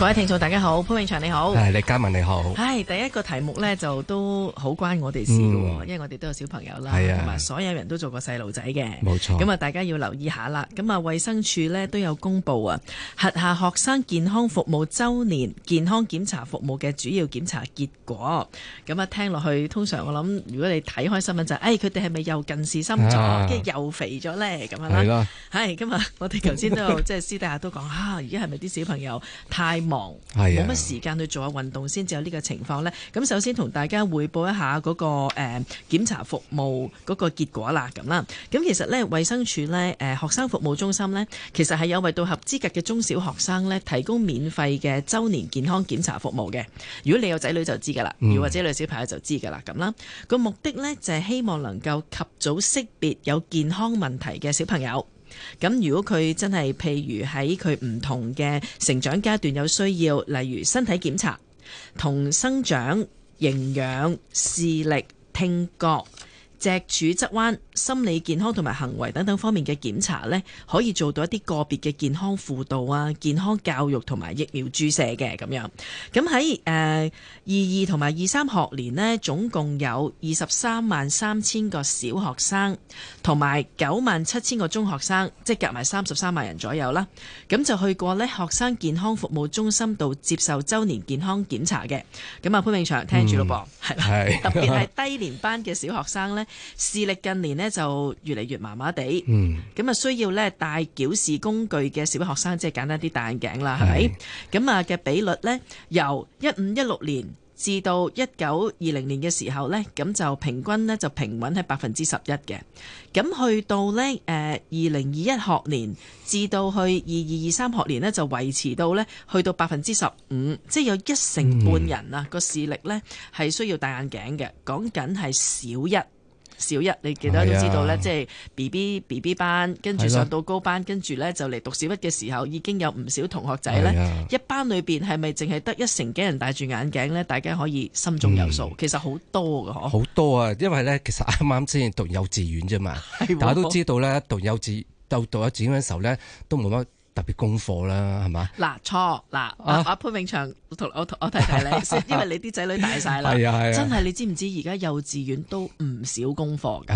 各位聽眾，大家好，潘永祥你好，係李嘉文你好。係、哎，第一個題目呢就都好關我哋事喎、嗯，因為我哋都有小朋友啦，同埋所有人都做過細路仔嘅，冇錯。咁啊，大家要留意一下啦。咁啊，衛生署呢都有公布啊，轄下學生健康服務週年健康檢查服務嘅主要檢查結果。咁啊，聽落去，通常我諗，如果你睇開新聞就係，誒、哎，佢哋係咪又近視深咗，跟、啊、住又肥咗呢？咁樣啦。係咁啊今日我哋頭先都即係 私底下都講，啊，而家係咪啲小朋友太？忙，冇乜時間去做下運動，先至有呢個情況呢。咁首先同大家匯報一下嗰、嗰個誒、呃、檢查服務嗰個結果啦，咁啦。咁其實呢，衛生署呢、呃，學生服務中心呢，其實係有為到合資格嘅中小學生呢提供免費嘅周年健康檢查服務嘅。如果你有仔女就知噶啦、嗯，如或者有女小朋友就知噶啦，咁啦。個目的呢，就係、是、希望能夠及早識別有健康問題嘅小朋友。咁如果佢真係，譬如喺佢唔同嘅成長階段有需要，例如身體檢查、同生長、營養、視力、聽覺、脊柱側彎、心理健康同埋行為等等方面嘅檢查咧，可以做到一啲個別嘅健康輔導啊、健康教育同埋疫苗注射嘅咁樣。咁喺誒二二同埋二三學年咧，總共有二十三萬三千個小學生同埋九萬七千個中學生，即係夾埋三十三萬人左右啦。咁就去過咧學生健康服務中心度接受周年健康檢查嘅。咁啊，潘永祥聽住咯噃，係、嗯、特別係低年班嘅小學生咧視力近年咧。就越嚟越麻麻地，咁、嗯、啊需要咧戴矯視工具嘅小學生，即係簡單啲戴眼鏡啦，係咪？咁啊嘅比率咧，由一五一六年至到一九二零年嘅時候咧，咁就平均咧就平穩係百分之十一嘅。咁去到咧誒二零二一學年至到去二二二三學年咧，就維持到咧去到百分之十五，即係有一成半人啊個視力咧係需要戴眼鏡嘅，講緊係小一。小一，你記得都知道咧，即係 B B B B 班，跟住上到高班，跟住咧就嚟讀小一嘅時候，已經有唔少同學仔咧、啊，一班裏面係咪淨係得一成幾人戴住眼鏡咧？大家可以心中有數，嗯、其實好多㗎。好多啊，因為咧，其實啱啱先讀幼稚園啫嘛，啊、大家都知道咧，讀幼稚到讀幼稚園嘅時候咧，都冇乜。特別功課啦，係嘛？嗱，錯、啊，嗱、啊，阿潘永祥同我我，我提提你，因為你啲仔女大晒啦，係 啊係啊，真係你知唔知而家幼稚園都唔少功課噶？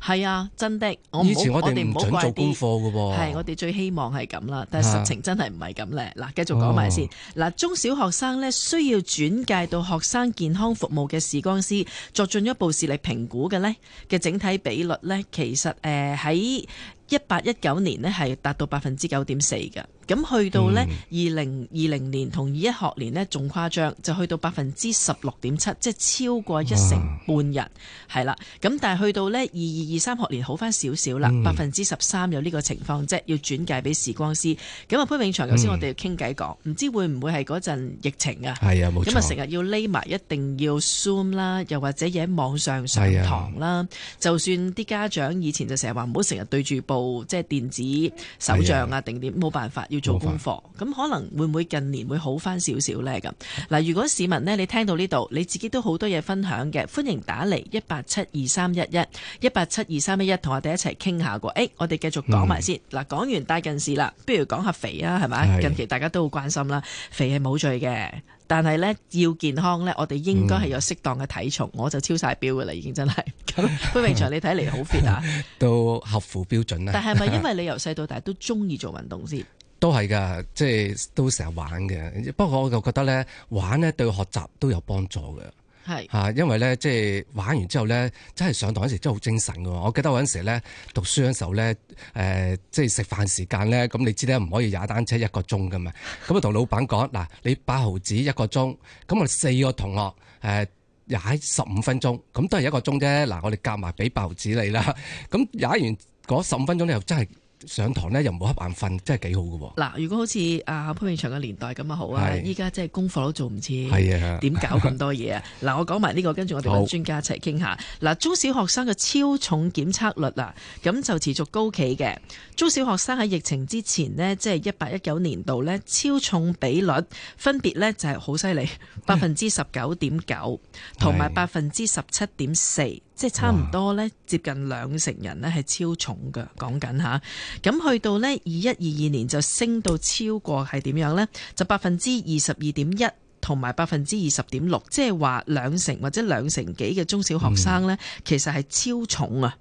係啊，啊，真的，我唔好我哋唔好做功課噶噃。係我哋最希望係咁啦，但係實情真係唔係咁咧。嗱、啊，繼續講埋先。嗱，中小學生咧，需要轉介到學生健康服務嘅視光師作進一步視力評估嘅咧嘅整體比率咧，其實誒喺。呃一八一九年呢，係達到百分之九點四嘅。咁去到呢，二零二零年同二一學年呢，仲誇張、嗯，就去到百分之十六點七，即係超過一成半人，係啦。咁但係去到呢，二二二三學年好翻少少啦，百分之十三有呢個情況，即係要轉介俾時光師。咁啊潘永祥，頭、嗯、先我哋傾偈講，唔知會唔會係嗰陣疫情啊？係啊，冇錯。咁啊成日要匿埋，一定要 Zoom 啦，又或者喺網上上堂啦、啊。就算啲家長以前就成日話唔好成日對住部即係電子手帳啊，定點冇辦法。要做功課，咁可能會唔會近年會好翻少少呢？咁嗱，如果市民呢，你聽到呢度，你自己都好多嘢分享嘅，歡迎打嚟一八七二三一一一八七二三一一，同我哋一齊傾下喎。誒，我哋繼續講埋先。嗱、嗯，講完戴近視啦，不如講下肥啊，係咪？是近期大家都好關心啦，肥係冇罪嘅，但係呢，要健康呢，我哋應該係有適當嘅體重。嗯、我就超晒標嘅啦，已經真係。潘榮祥，你睇嚟好 fit 啊，都 合乎標準啦。但係咪因為你由細到大都中意做運動先？都係噶，即係都成日玩嘅。不過我就覺得咧，玩咧對學習都有幫助嘅。係啊，因為咧即係玩完之後咧，真係上堂嗰時真係好精神嘅。我記得我嗰陣時咧，讀書嗰時候咧，誒、呃、即係食飯時間咧，咁你知咧唔可以踩單車一個鐘嘅嘛？咁啊同老闆講，嗱 你八毫紙一個鐘，咁我哋四個同學誒、呃、踩十五分鐘，咁都係一個鐘啫。嗱我哋夾埋俾八毫紙你啦。咁踩完嗰十五分鐘你又真係～上堂呢又冇瞌眼瞓，真係幾好嘅喎！嗱，如果好似阿潘永祥嘅年代咁啊，好啊，依家真係功課都做唔切，係啊的，點搞咁多嘢啊？嗱，我講埋呢個，跟住我哋揾專家一齊傾下。嗱好，中小學生嘅超重檢測率啊，咁就持續高企嘅。中小學生喺疫情之前呢，即係一八一九年度呢，超重比率分別呢就係好犀利， 百分之十九點九同埋百分之十七點四。即係差唔多呢，接近兩成人呢係超重㗎。講緊吓，咁去到呢，二一二二年就升到超過係點樣呢？就百分之二十二點一同埋百分之二十點六，即係話兩成或者兩成幾嘅中小學生呢，嗯、其實係超重啊。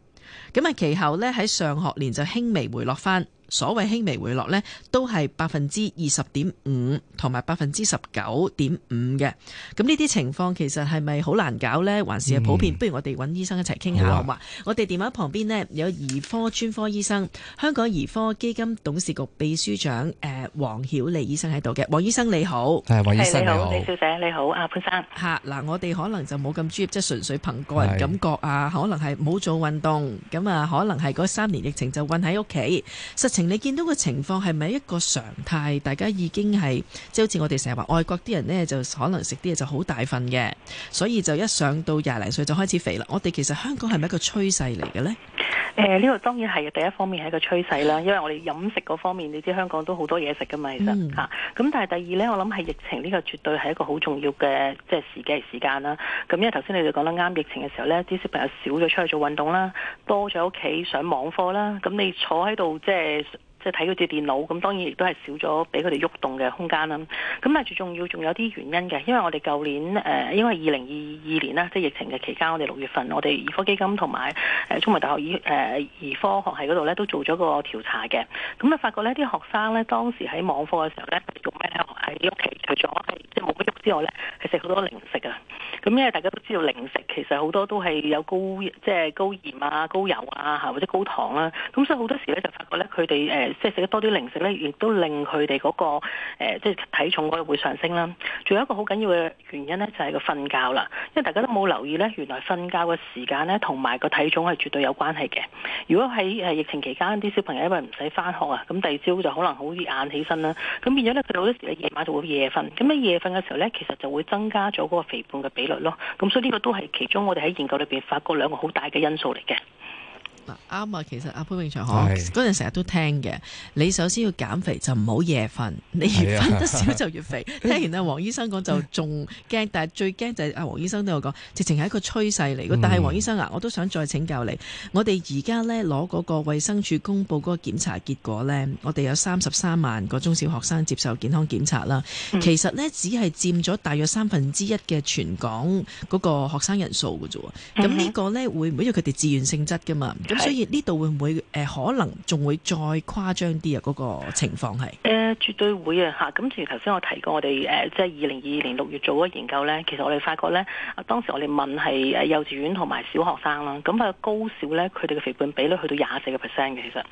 咁啊，其後呢喺上學年就輕微回落翻。所謂輕微回落呢，都係百分之二十點五同埋百分之十九點五嘅。咁呢啲情況其實係咪好難搞呢？還是普遍？嗯、不如我哋揾醫生一齊傾下好嘛。我哋電話旁邊呢，有兒科專科醫生，香港兒科基金董事局秘書長誒王、呃、曉莉醫生喺度嘅。王醫生你好，係王醫生你好，李小姐你好，阿、啊、潘生嗱、啊，我哋可能就冇咁專業，即係純粹憑個人感覺啊。可能係冇做運動，咁啊，可能係嗰三年疫情就困喺屋企，實情。你見到個情況係咪一個常態？大家已經係即係好似我哋成日話外國啲人呢就可能食啲嘢就好大份嘅，所以就一上到廿零歲就開始肥啦。我哋其實香港係咪一個趨勢嚟嘅呢？誒、呃、呢、這個當然係第一方面係一個趨勢啦，因為我哋飲食嗰方面，你知香港都好多嘢食噶嘛，其實吓。咁但係第二呢，我諗係疫情呢個絕對係一個好重要嘅，即係時機時間啦。咁因為頭先你哋講得啱，疫情嘅時候呢，啲小朋友少咗出去做運動啦，多咗喺屋企上網課啦，咁你坐喺度即係。即係睇佢隻電腦，咁當然亦都係少咗俾佢哋喐動嘅空間啦。咁啊，最重要仲有啲原因嘅，因為我哋舊年誒，因為二零二二年啦，即係疫情嘅期間，我哋六月份，我哋兒科基金同埋誒中文大學醫誒兒科學系嗰度咧，都做咗個調查嘅。咁啊，發覺呢啲學生咧當時喺網課嘅時候咧，用咩喺屋企除咗即係冇乜喐之外咧，係食好多零食啊。咁因為大家都知道零食其實好多都係有高即係高鹽啊、高油啊嚇或者高糖啦。咁所以好多時咧就發覺咧佢哋誒。即係食得多啲零食咧，亦都令佢哋嗰個即係、誒、體重嗰個會上升啦。仲有一個好緊要嘅原因咧，就係、係、個瞓覺啦。因為大家都冇留意咧，原來瞓覺嘅時間咧，同埋個體重係絕對有關係嘅。如果喺誒疫情期間，啲小朋友因為唔使翻學啊，咁第二朝就可能好易晏起身啦。咁變咗咧，佢哋好多時夜晚就會夜瞓。咁喺夜瞓嘅時候咧，其實就會增加咗嗰個肥胖嘅比率咯。咁所以呢個都係其中我哋喺研究裏邊發覺兩個好大嘅因素嚟嘅。啱啊，其實阿潘永祥哥嗰陣成日都聽嘅。你首先要減肥就唔好夜瞓，你越瞓得少就越肥。啊、聽完阿黃醫生講就仲驚、 嗯，但係最驚就係阿黃醫生都有講，直情係一個趨勢嚟。但係黃醫生啊，我都想再請教你，我哋而家咧攞嗰個衛生署公布嗰個檢查結果咧，我哋有三十三萬個中小學生接受健康檢查啦。其實咧只係佔咗大約三分之一嘅全港嗰個學生人數嘅啫。咁呢個咧會唔會因為佢哋自願性質噶嘛？咁、嗯、所以呢度會唔會、呃、可能仲會再誇張啲啊？嗰、那個情況係誒、呃、絕對會啊！吓，咁正如頭先我提過我，我、呃、哋即係二零二二年六月做嗰研究咧，其實我哋發覺咧，當時我哋問係誒幼稚園同埋小學生啦，咁佢高小咧，佢哋嘅肥胖比率去到廿四個 percent 嘅，其實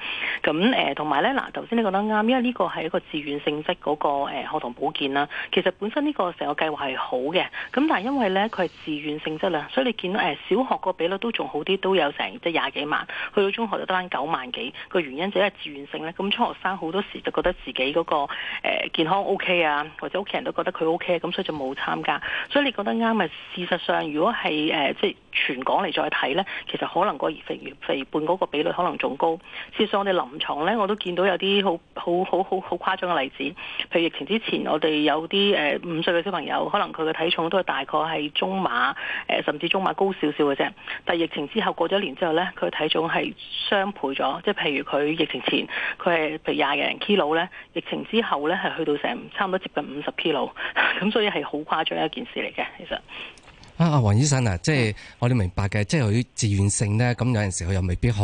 咁同埋咧嗱，頭先、呃啊、你講得啱，因為呢個係一個自願性質嗰、那個、呃、學童保健啦，其實本身呢個成個計劃係好嘅，咁但係因為咧佢係自願性質啦，所以你見到誒、呃、小學個比率都仲好啲，都有成即廿幾萬。去到中學就得返九萬幾，個原因就係自願性咧。咁中學生好多時就覺得自己嗰、嗰個、呃、健康 OK 啊，或者屋企人都覺得佢 OK，咁所以就冇參加。所以你覺得啱咪？事實上，如果係誒即係。呃即係全港嚟再睇呢，其實可能個肥肥胖嗰個比率可能仲高。事實上我哋臨床呢，我都見到有啲好好好好好誇張嘅例子。譬如疫情之前，我哋有啲呃、五歲嘅小朋友，可能佢嘅體重都係大概係中碼、呃、甚至中碼高少少嘅啫。但係疫情之後過咗一年之後呢，佢嘅體重係雙倍咗。即係譬如佢疫情前佢係譬如廿零 kilo 咧，疫情之後呢，係去到成差唔多接近五十 kilo，咁所以係好誇張一件事嚟嘅，其實。啊！阿、啊、黃醫生啊，即係我哋明白嘅，嗯、即係佢自願性咧，咁有陣時佢又未必去，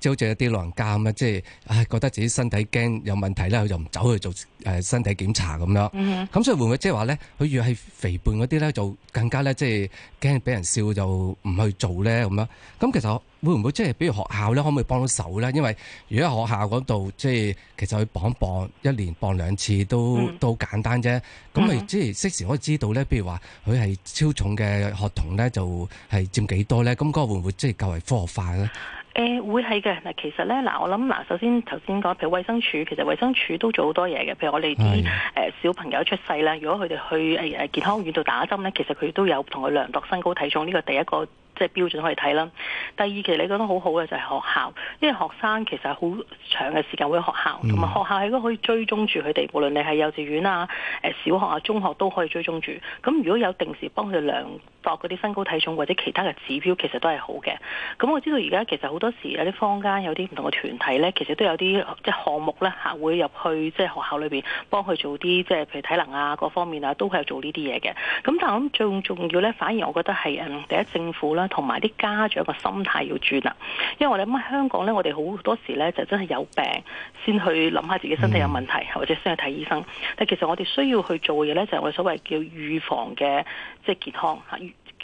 即係好似有啲老人家咁，即係唉、哎，覺得自己身體驚有問題呢，佢就唔走去做。誒身體檢查咁樣，咁、嗯、所以會唔會即係話咧，佢若係肥胖嗰啲咧，就更加咧即係驚俾人笑，就唔去做咧咁樣。咁其實會唔會即係比如學校咧，可唔可以幫到手咧？因為如果學校嗰度即係其實去磅磅一,一年磅兩次都、嗯、都簡單啫。咁咪即係適時可以知道咧，譬如話佢係超重嘅學童咧，就係佔幾多咧？咁嗰個會唔會即係較為科學化咧？誒會係嘅嗱，其實咧嗱，我諗嗱，首先頭先講，譬如衛生署，其實衛生署都做好多嘢嘅，譬如我哋啲誒小朋友出世啦，如果佢哋去誒誒健康院度打針咧，其實佢都有同佢量度身高體重呢個第一個。即係標準可以睇啦。第二其實你覺得好好嘅就係學校，因為學生其實好長嘅時間會喺學校，同埋學校係一個可以追蹤住佢哋，無論你係幼稚園啊、誒小學啊、中學都可以追蹤住。咁如果有定時幫佢量度嗰啲身高體重或者其他嘅指標，其實都係好嘅。咁我知道而家其實好多時有啲坊間有啲唔同嘅團體咧，其實都有啲即係項目咧嚇會入去即係學校裏面幫佢做啲即係譬如體能啊各方面啊都係做呢啲嘢嘅。咁但係我諗最重要咧，反而我覺得係第一政府啦。同埋啲家長個心態要轉啊，因為我哋喺香港咧，我哋好多時咧就真係有病先去諗下自己身體有問題，或者先去睇醫生。但其實我哋需要去做嘅嘢咧，就係我哋所謂叫預防嘅即係健康嚇。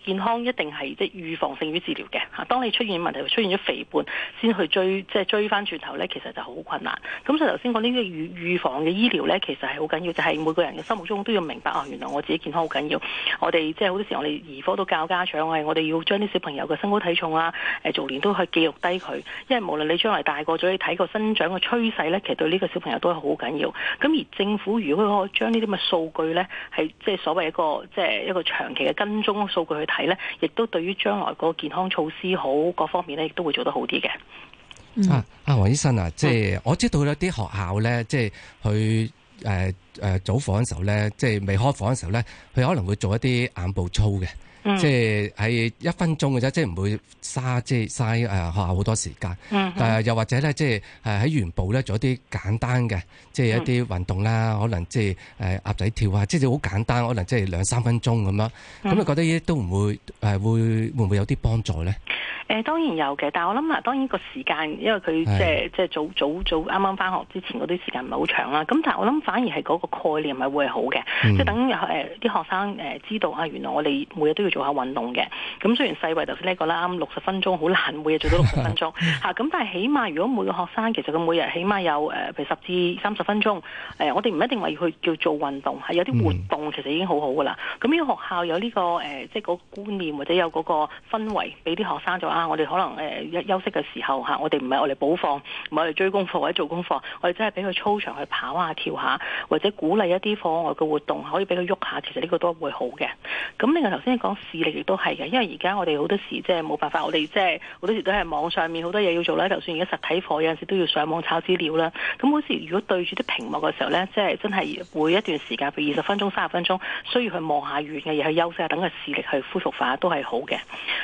健康一定係即係預防勝於治療嘅嚇。當你出現問題，出現咗肥胖，先去追即係追翻轉頭咧，其實就好困難。咁就頭先講呢啲預預防嘅醫療咧，其實係好緊要，就係、是、每個人嘅心目中都要明白、啊、原來我自己健康好緊要。我哋即係好多時，我哋兒科都教家長係，我哋要將啲小朋友嘅身高體重啊，誒逐年都去記錄低佢。因為無論你將來大個咗，你睇個生長嘅趨勢咧，其實對呢個小朋友都係好緊要。咁而政府如果可將呢啲咁嘅數據咧，係即係所謂一個即係一個長期嘅跟蹤數據去。睇咧，亦都對於將來個健康措施好各方面咧，亦都會做得好啲嘅。啊、嗯、啊，王醫生啊，即、就、係、是、我知道有啲、啊、學校咧，即、就、係、是、去誒誒、呃呃、早課嘅陣時候咧，即、就、係、是、未開課嗰陣時候咧，佢可能會做一啲眼部操嘅。即係喺一分鐘嘅啫，即係唔會嘥即係嘥誒學校好多時間。但係又或者咧，即係誒喺原部咧做一啲簡單嘅，即係一啲運動啦，可能即係誒鴨仔跳啊，即係好簡單，可能即係兩三分鐘咁樣。咁你覺得呢啲都唔會誒會會唔會有啲幫助咧？誒當然有嘅，但係我諗啊，當然個時間，因為佢即係即係早早早啱啱翻學之前嗰啲時間唔係好長啦。咁但係我諗反而係嗰個概念咪會係好嘅，即係等誒啲學生誒知道啊，原來我哋每日都要。做下運動嘅，咁雖然世衛頭先呢個啦，啱六十分鐘好難，每日做到六十分鐘嚇，咁 但係起碼如果每個學生其實佢每日起碼有誒、呃，譬如十至三十分鐘，誒、呃、我哋唔一定話要去叫做運動，係有啲活動其實已經好好噶啦。咁、嗯、呢個學校有呢、這個誒、呃，即係個觀念或者有嗰個氛圍，俾啲學生就啊，我哋可能誒、呃、休息嘅時候嚇、啊，我哋唔係我哋補課，唔係我哋追功課或者做功課，我哋真係俾佢操場去跑下跳下，或者鼓勵一啲課外嘅活動，可以俾佢喐下，其實呢個都會好嘅。咁另外頭先講。視力亦都係嘅，因為而家我哋好多時即係冇辦法，我哋即係好多時都係網上面好多嘢要做啦。就算而家實體課有陣時都要上網抄資料啦。咁好似如果對住啲屏幕嘅時候咧，即係真係每一段時間，譬如二十分鐘、三十分鐘，需要去望下遠嘅嘢去休息下，等個視力去恢復翻都係好嘅。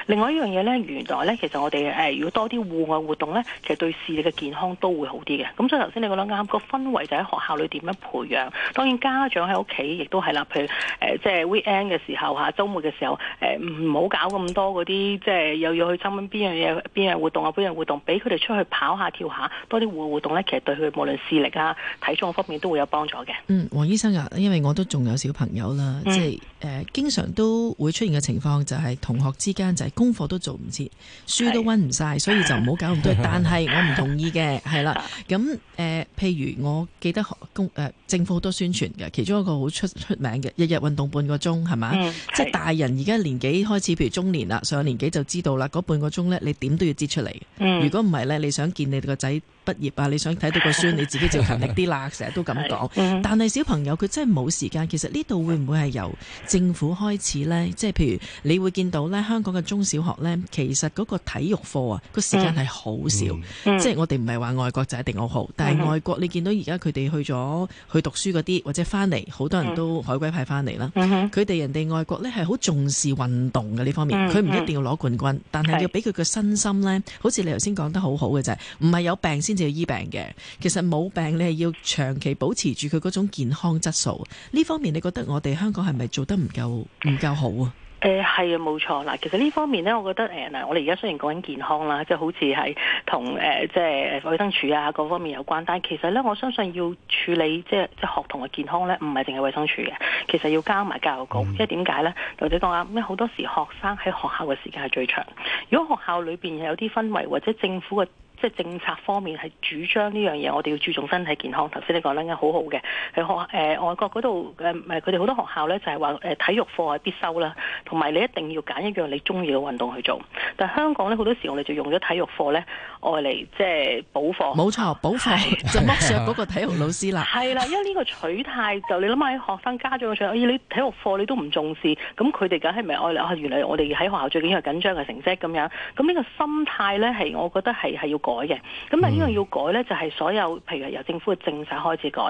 另外一樣嘢咧，原來咧其實我哋誒如果多啲戶外活動咧，其實對視力嘅健康都會好啲嘅。咁所以頭先你講啱，嗰個氛圍就喺學校裏點樣培養。當然家長喺屋企亦都係啦，譬如誒、呃、即係 weekend 嘅時候嚇，週末嘅時候。誒，唔好搞咁多嗰啲，即係又要去參加邊樣嘢、邊樣活動啊、邊樣活動，俾佢哋出去跑下、跳下，多啲戶外活動呢，其實對佢無論視力啊、體重方面都會有幫助嘅。嗯，黃醫生啊，因為我都仲有小朋友啦，即係誒經常都會出現嘅情況就係同學之間就係功課都做唔切，書都温唔晒，所以就唔好搞咁多。 但係我唔同意嘅，係啦，咁誒、呃、譬如我記得公誒政府好多宣傳嘅，其中一個好出出名嘅，日日運動半個鐘係嘛，即係大人而家。一年幾開始，譬如中年啦，上年紀就知道啦。嗰半個鐘呢，你點都要擠出嚟，嗯。如果唔係呢，你想見你個仔畢業啊，你想睇到個孫，你自己就勤力啲啦。成 日都咁講，但係小朋友佢真係冇時間。其實呢度會唔會係由政府開始呢？即、就、係、是、譬如你會見到呢，香港嘅中小學呢，其實嗰個體育課啊，個時間係好少。即、嗯、係、就是、我哋唔係話外國就一定好，好，但係外國你見到而家佢哋去咗去讀書嗰啲，或者翻嚟好多人都海歸派翻嚟啦。佢、嗯、哋人哋外國呢，係好重視。運動嘅呢方面，佢唔一定要攞冠軍，嗯，但係要俾佢個身心呢，好似你頭先講得好好嘅就係，唔係有病先至要醫病嘅，其實冇病你係要長期保持住佢嗰種健康質素。呢方面你覺得我哋香港係咪做得唔夠唔夠好啊？誒係啊，冇錯嗱。其實呢方面咧，我覺得誒嗱，我哋而家雖然講緊健康啦，即係好似係同誒即係衞生署啊各方面有關。但係其實咧，我相信要處理即係即係學童嘅健康咧，唔係淨係衞生署嘅，其實要加埋教育局。嗯、即係點解咧？或者講下咩？好多時學生喺學校嘅時間係最長。如果學校裏邊有啲氛圍，或者政府嘅。即係政策方面係主張呢樣嘢，我哋要注重身體健康。頭先你講得好好嘅，佢學、呃、外國嗰度誒，唔係佢哋好多學校咧，就係話誒體育課係必修啦，同埋你一定要揀一樣你中意嘅運動去做。但係香港咧好多時，我哋就用咗體育課咧，愛嚟即係補課。冇錯，補課 就剝削嗰個體育老師啦。係 啦，因為呢個取態就你諗下，學生家長上，場你體育課你都唔重視，咁佢哋梗係咪愛嚟？原來我哋喺學校最緊要係緊張嘅成績咁樣。咁呢個心態咧係，我覺得係係要。改、嗯、嘅，咁啊，呢個要改呢，就係、是、所有，譬如由政府嘅政策開始改，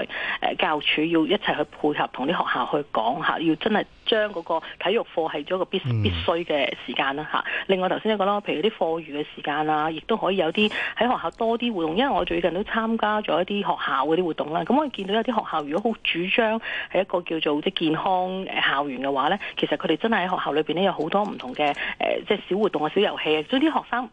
呃、教署要一齊去配合，同啲學校去講下，要真係將嗰個體育課係咗個必必須嘅時間啦吓，另外頭先一個啦，譬如啲課餘嘅時間啦，亦都可以有啲喺學校多啲活動，因為我最近都參加咗一啲學校啲活動啦。咁我見到有啲學校如果好主張係一個叫做即健康校園嘅話呢，其實佢哋真係喺學校裏邊呢，有好多唔同嘅誒即小活動啊、小遊戲，啊，所以啲學生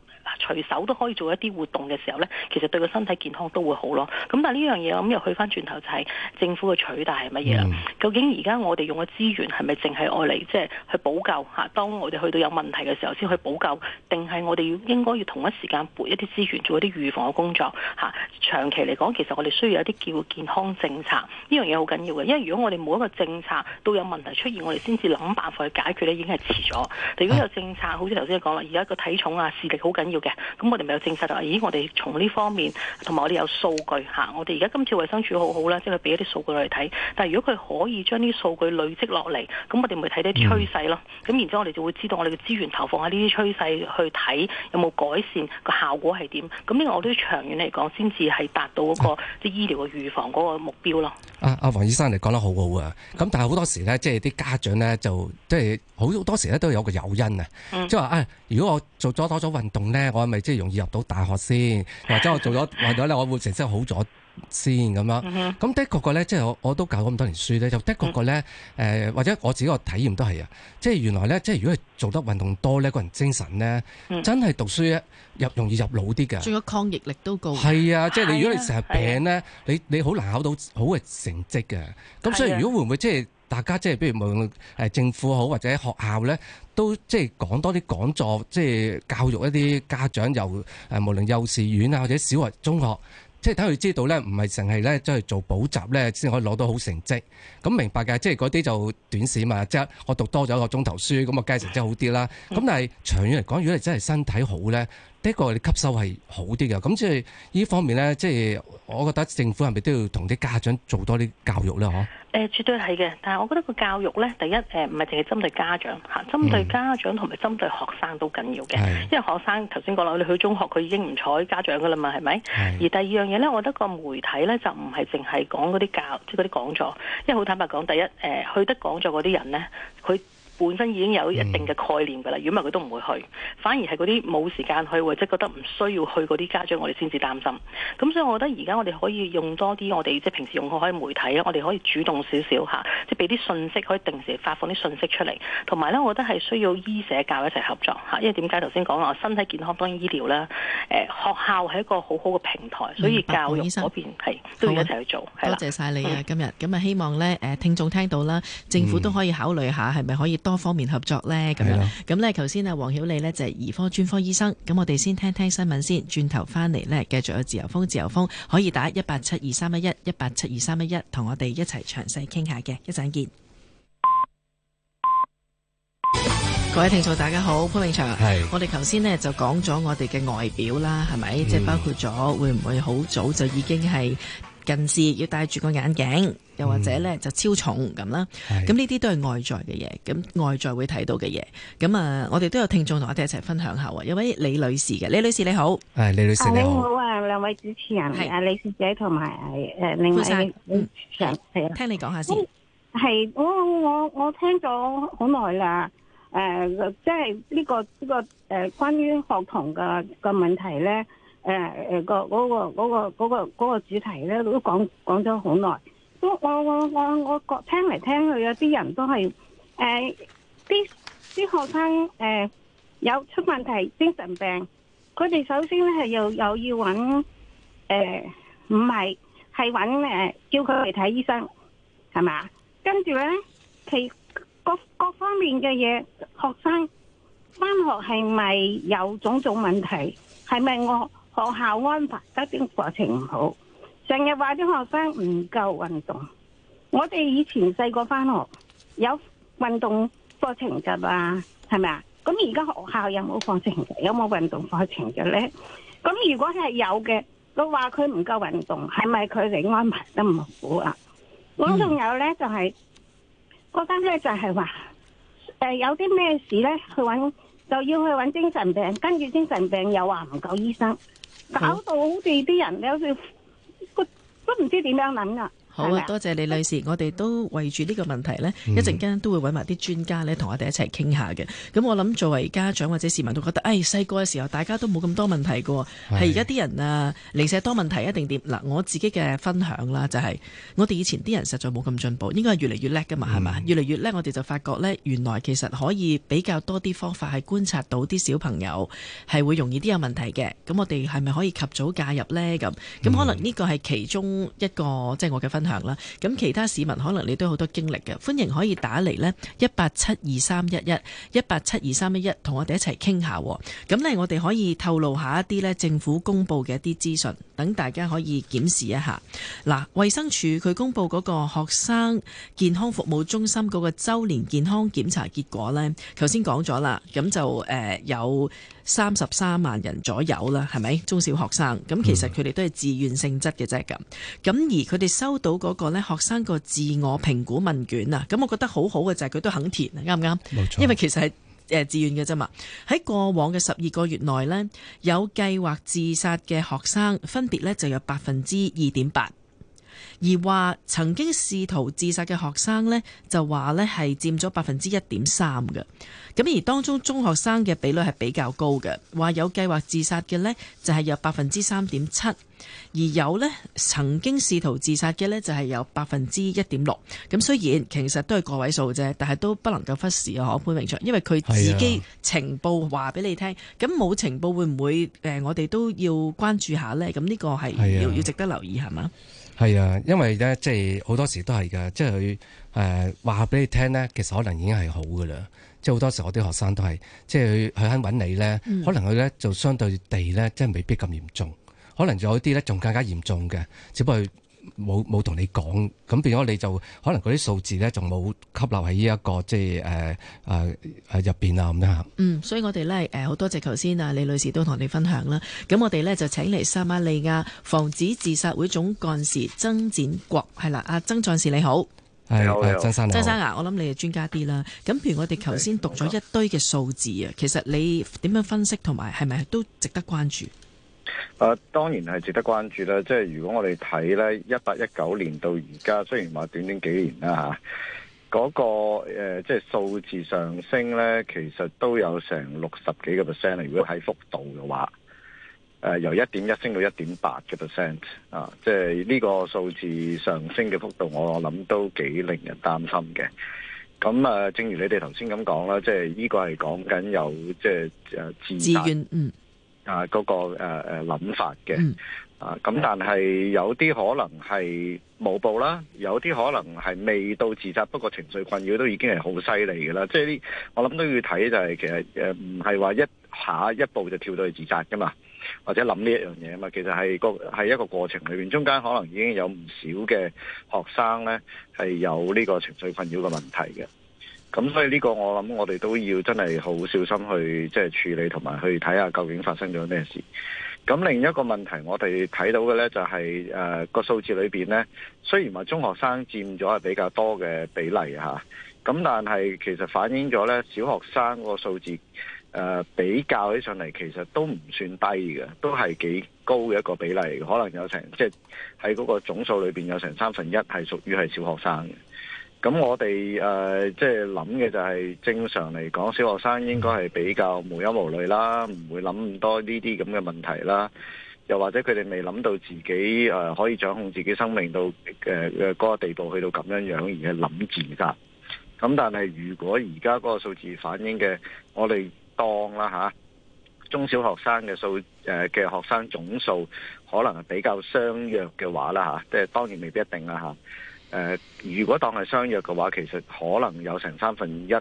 隨手都可以做一啲活動。凍嘅時候咧，其實對個身體健康都會好咯。咁但係呢樣嘢，咁又去翻轉頭就係政府嘅取態係乜嘢？究竟而家我哋用嘅資源係咪淨係愛嚟即係去補救吓？當我哋去到有問題嘅時候先去補救，定係我哋要應該要同一時間撥一啲資源做一啲預防嘅工作吓？啊，長期嚟講，其實我哋需要有啲叫健康政策呢樣嘢，好緊要嘅。因為如果我哋每一個政策都有問題出現，我哋先至諗辦法去解決，已經係遲咗。如果有政策好似頭先講啦，而家個體重啊、視力好緊要嘅，咁我哋咪有政策就話咦？我哋從呢方面，同埋我哋有數據吓，我哋而家今次衛生署好好咧，即係俾一啲數據落嚟睇。但係如果佢可以將啲數據累積落嚟，咁我哋咪睇啲趨勢咯。咁、嗯、然之後我哋就會知道我哋嘅資源投放喺呢啲趨勢去睇有冇改善個效果係點。咁呢個我都要長遠嚟講，先至係達到嗰、那個、嗯、即係醫療嘅預防嗰個目標咯。阿阿黃醫生你講得好好啊！咁但係好多時咧，即係啲家長咧，就即係好多時咧都有個誘因啊！即係話啊，如果我做咗多咗運動咧，我係咪即係容易入到大學先？或者我做咗運動咧，我會成績好咗？先咁樣，咁、嗯、的確個咧，即、就、係、是、我我都教咁多年書咧，就的確個咧，誒、嗯呃、或者我自己個體驗都係啊，即、就、係、是、原來咧，即、就、係、是、如果係做得運動多咧，個人精神咧、嗯，真係讀書咧入容易入腦啲嘅，仲有抗逆力都高。係啊，即係你如果你成日病咧、啊，你你好難考到好嘅成績嘅。咁所以如果會唔會即係、就是、大家即係，譬如無論誒政府好或者學校咧，都即係講多啲講座，即、就、係、是、教育一啲家長又誒無論幼稚園啊或者小學、中學。即係睇佢知道咧，唔係淨係咧即係做補習咧先可以攞到好成績。咁明白㗎，即係嗰啲就短視嘛。即係我讀多咗一個鐘頭書，咁啊，梗係成績好啲啦。咁但係長遠嚟講，如果你真係身體好咧，第一個你吸收係好啲嘅。咁即係呢方面咧，即係我覺得政府係咪都要同啲家長做多啲教育咧？嗬。誒絕對係嘅，但係我覺得個教育咧，第一誒唔係淨係針對家長嚇、嗯，針對家長同埋針對學生都緊要嘅，因為學生頭先講啦，你去中學佢已經唔睬家長噶啦嘛，係咪？而第二樣嘢咧，我覺得個媒體咧就唔係淨係講嗰啲教即係嗰啲講座，因為好坦白講，第一誒去得講座嗰啲人咧，佢本身已經有一定嘅概念㗎啦，如果唔係佢都唔會去，反而係嗰啲冇時間去或者覺得唔需要去嗰啲家長，我哋先至擔心。咁所以，我覺得而家我哋可以用多啲我哋即係平時用開媒體啊，我哋可以主動少少嚇，即係俾啲信息，可以定時發放啲信息出嚟。同埋咧，我覺得係需要醫社教一齊合作嚇，因為點解頭先講話身體健康當然醫療啦，誒學校係一個好好嘅平台，所以教育嗰邊係都要一齊去做。好啊，多謝晒你啊，今日咁啊，希望咧誒聽眾聽到啦，政府都可以考慮下係咪可以。多方面合作呢，咁樣咁，啊、呢，頭先啊，王曉莉呢，就係、是、兒科專科醫生，咁我哋先聽聽新聞先，轉頭翻嚟呢，繼續有自由風，自由風可以打 107231, 187231, 一八七二三一一一八七二三一一，同我哋一齊詳細傾下嘅，一陣見。各位聽眾大家好，潘永祥，我哋頭先呢，就講咗我哋嘅外表啦，係咪？即、嗯、係包括咗會唔會好早就已經係。近視要戴住個眼鏡，又或者咧、嗯、就超重咁啦。咁呢啲都係外在嘅嘢，咁外在會睇到嘅嘢。咁啊，我哋都有聽眾同我哋一齊分享下啊。有位李女士嘅，李女士你好，係李女士。你好，李女士你好啊，兩位、啊、主持人啊，李小姐同埋誒，另外生，嗯，係啊，聽你講下先。係我我我聽咗好耐啦。誒、呃，即係呢、呢個呢、呢個誒、呃，關於學童嘅嘅、這個、問題咧。誒、呃、誒，嗰個嗰、嗰個嗰、嗰個嗰個嗰個主題咧都講講咗好耐，都我我我我覺聽嚟聽去有啲人都係誒啲啲學生誒、呃、有出問題，精神病，佢哋首先咧係又又要搵，誒唔係係搵誒叫佢去睇醫生，係咪？跟住咧其各各方面嘅嘢，學生返學係咪有種種問題？係咪我？學校安排得啲課程唔好，成日話啲學生唔夠運動。我哋以前細個翻學有運動課程嘅啦，係咪啊？咁而家學校有冇課程嘅？有冇運動課程嘅咧？咁如果係有嘅，都話佢唔夠運動，係咪佢哋安排得唔好啊？我仲有咧，就係嗰間咧，就係話誒，有啲咩事咧，去搵。就要去揾精神病，跟住精神病又話唔夠醫生，搞到好似啲人有少個都唔知點樣諗啊。好多謝李女士，我哋都圍住呢個問題咧，一陣間都會揾埋啲專家咧同我哋一齊傾下嘅。咁我諗作為家長或者市民都覺得，誒細個嘅時候大家都冇咁多問題嘅，係而家啲人啊零舍多問題一定點嗱，我自己嘅分享啦，就是，就係我哋以前啲人實在冇咁進步，應該係越嚟越叻㗎嘛，係、嗯、嘛？越嚟越叻，我哋就發覺咧，原來其實可以比較多啲方法係觀察到啲小朋友係會容易啲有問題嘅。咁我哋係咪可以及早介入咧？咁咁可能呢個係其中一個即係、就是、我嘅分。啦咁，其他市民可能你都好多經歷嘅，歡迎可以打嚟，呢一八七二三一一一八七二三一一，同我哋一齊傾下。咁呢，我哋可以透露下一啲呢政府公布嘅一啲資訊，等大家可以檢視一下嗱。衛生署佢公布嗰個學生健康服務中心嗰個周年健康檢查結果呢，頭先講咗啦，咁就誒、呃、有。三十三萬人左右啦，係咪中小學生？咁其實佢哋都係自願性質嘅啫咁。咁、嗯、而佢哋收到嗰個呢學生個自我評估問卷啊，咁我覺得好好嘅就係、是、佢都肯填，啱唔啱？冇錯，因為其實係誒自願嘅啫嘛。喺過往嘅十二個月內呢，有計劃自殺嘅學生分別呢就有百分之二點八。而話曾經試圖自殺嘅學生呢，就話呢係佔咗百分之一點三嘅。咁而當中中學生嘅比率係比較高嘅。話有計劃自殺嘅呢，就係、是、有百分之三點七；而有呢曾經試圖自殺嘅呢，就係、是、有百分之一點六。咁雖然其實都係個位數啫，但係都不能夠忽視啊！潘榮卓，因為佢自己情報話俾你聽，咁冇、啊、情報會唔會誒？我哋都要關注一下呢。咁呢個係要是、啊、要值得留意係嘛？係啊，因為咧，即係好多時都係噶，即係佢誒話俾你聽咧，其實可能已經係好噶啦。即係好多時我啲學生都係，即係佢佢肯揾你咧、嗯，可能佢咧就相對地咧，即係未必咁嚴重。可能仲有啲咧仲更加嚴重嘅，只不過。冇冇同你講，咁變咗你就可能嗰啲數字咧，這個，就冇吸納喺呢一個即係誒誒誒入邊啊，咁樣嚇。嗯，所以我哋咧誒好多謝頭先啊李女士都同你分享啦。咁我哋咧就請嚟撒瑪利亞防止自殺會總幹事曾展國，係啦，阿曾壯士你好。有有。曾生啊，我諗你係專家啲啦。咁譬如我哋頭先讀咗一堆嘅數字啊，okay, 其實你點樣分析同埋係咪都值得關注？誒、啊，當然係值得關注啦。即係如果我哋睇咧，一八一九年到而家，雖然話短短幾年啦吓，嗰、啊那個誒、呃，即係數字上升咧，其實都有成六十幾個 percent。如果睇幅度嘅話，誒、呃、由一點一升到一點八個 percent 啊，即係呢個數字上升嘅幅度，我諗都幾令人擔心嘅。咁啊，正如你哋頭先咁講啦，即係呢個係講緊有即係誒自願嗯。啊，嗰、那個誒誒諗法嘅，啊咁、啊啊、但係有啲可能係冇報啦，有啲可能係未到自殺，不過情緒困擾都已經係好犀利嘅啦。即係呢，我諗都要睇就係、是、其實誒唔係話一下一步就跳到去自殺㗎嘛，或者諗呢一樣嘢啊嘛。其實係個係一個過程裏邊，中間可能已經有唔少嘅學生咧係有呢個情緒困擾嘅問題嘅。咁所以呢個我諗我哋都要真係好小心去即係、就是、處理同埋去睇下究竟發生咗咩事。咁另一個問題我哋睇到嘅呢、就是，就係誒個數字裏邊呢，雖然話中學生佔咗係比較多嘅比例吓，咁、啊、但係其實反映咗呢，小學生個數字誒、呃、比較起上嚟，其實都唔算低嘅，都係幾高嘅一個比例，可能有成即係喺嗰個總數裏邊有成三分一係屬於係小學生嘅。咁我哋誒即係諗嘅就係、是、正常嚟講，小學生應該係比較無憂無慮啦，唔會諗咁多呢啲咁嘅問題啦。又或者佢哋未諗到自己誒、呃、可以掌控自己生命到誒誒嗰個地步，去到咁樣樣而係諗自殺。咁但係如果而家嗰個數字反映嘅我哋當啦吓、啊，中小學生嘅數誒嘅學生總數可能係比較相約嘅話啦吓，即、啊、係、就是、當然未必一定啦吓。啊誒，如果當係相約嘅話，其實可能有成三分一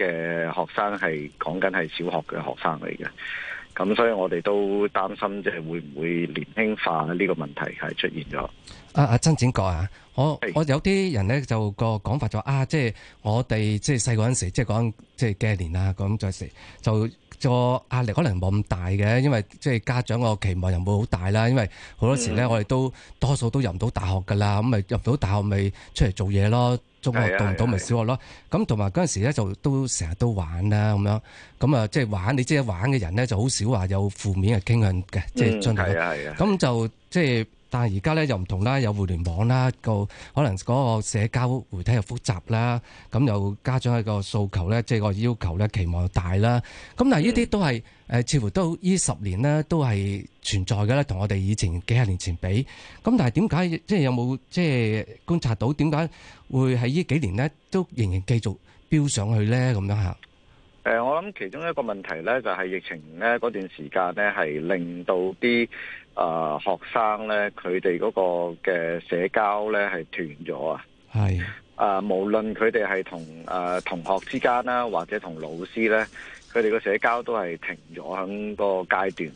嘅學生係講緊係小學嘅學生嚟嘅，咁所以我哋都擔心即係會唔會年輕化呢個問題係出現咗。阿、啊、阿、啊、曾展國啊，我我有啲人咧就個講法就是、啊，即、就、係、是、我哋即係細嗰陣時，即係講即係幾年啊，咁在時就。個壓力可能冇咁大嘅，因為即係家長個期望又冇好大啦。因為好多時咧，我哋都多數都入唔到大學噶啦，咁咪入唔到大學咪出嚟做嘢咯。中學讀唔到咪小學咯。咁同埋嗰陣時咧，就都成日都玩啦，咁樣。咁啊，即係玩，你即係玩嘅人咧，就好少話有負面嘅傾向嘅，即係相對。係啊係啊。咁就即係。但係而家咧又唔同啦，有互聯網啦，個可能嗰個社交媒體又複雜啦，咁又家長一個訴求咧，即係個要求咧，期望又大啦。咁但係呢啲都係似乎都呢十年咧都係存在嘅呢。同我哋以前幾廿年前比。咁但係點解即係有冇即係觀察到點解會喺呢幾年咧都仍然繼續飆上去咧？咁樣吓。誒、呃，我諗其中一個問題咧，就係、是、疫情咧嗰段時間咧，係令到啲誒、呃、學生咧，佢哋嗰個嘅社交咧係斷咗啊。係誒、呃，無論佢哋係同誒、呃、同學之間啦，或者同老師咧，佢哋個社交都係停咗喺個階段。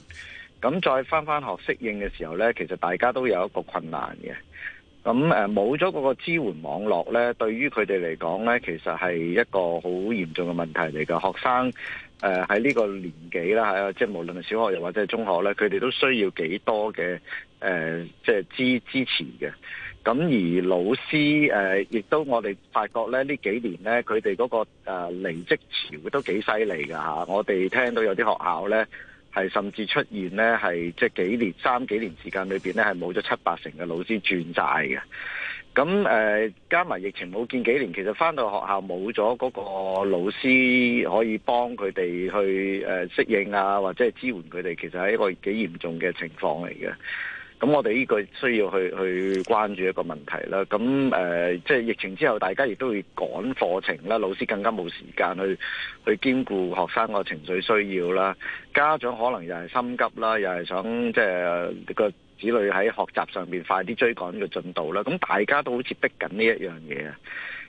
咁再返返學適應嘅時候咧，其實大家都有一個困難嘅。咁冇咗嗰個支援網絡咧，對於佢哋嚟講咧，其實係一個好嚴重嘅問題嚟㗎。學生誒喺呢個年紀啦，即係無論係小學又或者係中學咧，佢哋都需要幾多嘅誒、呃、即係支支持嘅。咁、嗯、而老師誒，亦、呃、都我哋發覺咧呢幾年咧，佢哋嗰個誒、呃、離職潮都幾犀利㗎，我哋聽到有啲學校咧。係甚至出現呢，係即係幾年三幾年時間裏邊呢，係冇咗七八成嘅老師轉債嘅。咁誒、呃、加埋疫情冇見幾年，其實返到學校冇咗嗰個老師可以幫佢哋去誒適應啊，或者係支援佢哋，其實係一個幾嚴重嘅情況嚟嘅。咁我哋呢個需要去去關注一個問題啦。咁誒、呃，即係疫情之後，大家亦都會趕課程啦，老師更加冇時間去去兼顧學生個情緒需要啦。家長可能又係心急啦，又係想即係個子女喺學習上面快啲追趕個進度啦。咁大家都好似逼緊呢一樣嘢啊。